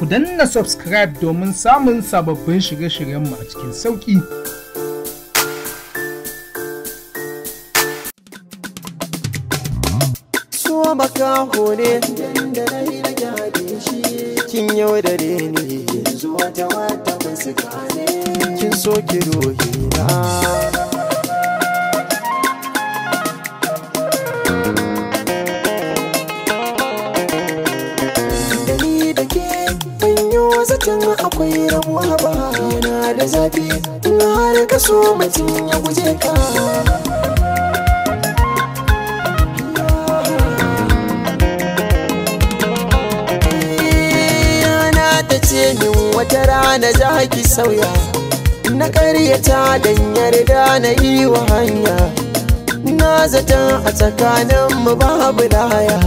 ku danna subscribe domin samun sababbin shirye-shiryenmu a cikin sauƙi. Suwa makaho ne, da na yi na gyade shi, kin yau da ne, zuwa ta wata masu gane, kin soke rohi batun akwai rabuwa ba yana da zafi in har ka so mutum ya guje ka ce min wata rana za ki sauya na karyata don yarda na yi wa hanya na zata a tsakaninmu babu laya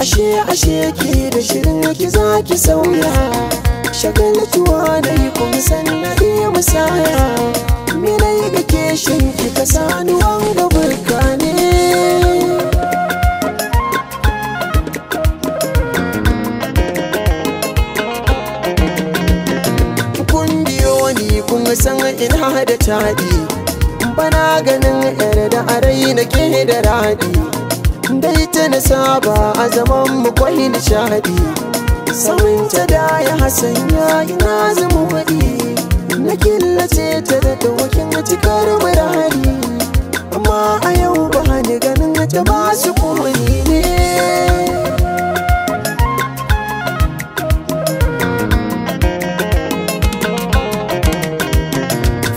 ashe ashe ki da shirin ki za ki sauya shagaltuwa na yi kuma sannan iya musaya mina yi da keshin ki ka sani wanga burka ne ni san ina da taɗi bana ganin yar da arai na ke da daɗi, dai ta na saba a zaman mu kwai nishadi Samun ta da ya hasan ya yi na zama wadi na killace ta da tawakin cikar hari amma a yau ba ni ganin ta ba su kuma ne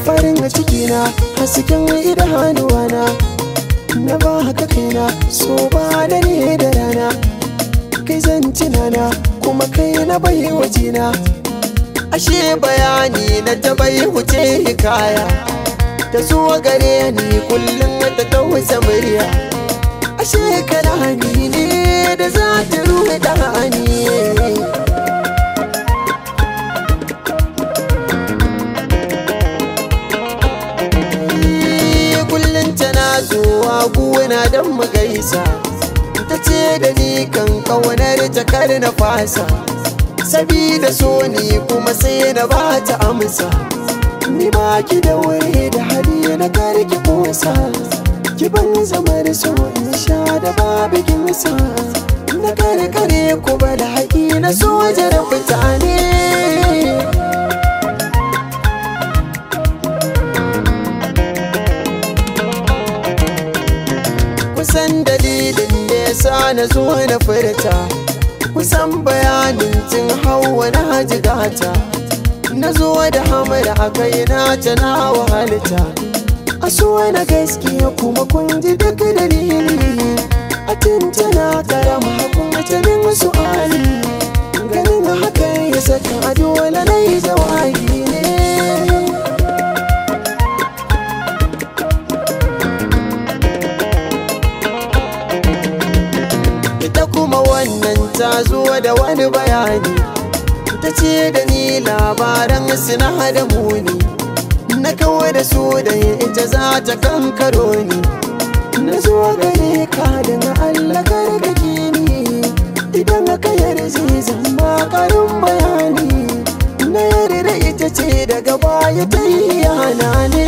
farin a cikina hasken idanuwana na ba haka kaina so ba da ne da tunana kuma kai na bai wajena ashe bayani na ta bai huce hikaya ta zuwa gare ni kullum ta tausa murya ashe kalami ne da za ta ruɗa ni eh, zuwa guwana don mu gaisa ta ce da ni kan kaunar jakar na fasa sabida so ne kuma sai na ba ta amsa ni ma ki da wuri da hali na kar ki kosa ki ban zamar so in sha da babu ginsa na kare kare ku ba da haƙi na so jarar mutane na zo na furta kusan bayanin tun hauwa na haji gata na zo da hamada a kai na ta na wahalta a suwa na gaskiya kuma kun ji duk dalili a tuntuna karama hukumatanin su'ali ganin haka ya saka a dole na yi jawabi da ni labaran suna na hada muni na kawai da su da ita za ta kankaro ni na zo gare ka da na Allah gargaje ni idan aka yarje zan ba karin bayani na yarda ita ce daga baya ta yi yana ne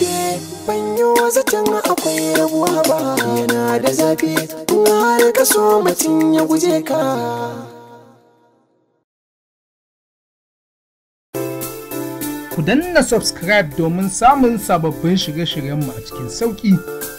Yeah. Kuwa ba yana da zafi in har ka so mutum ya guje ka ku danna subscribe domin samun sababbin shirye-shiryenmu a cikin sauƙi.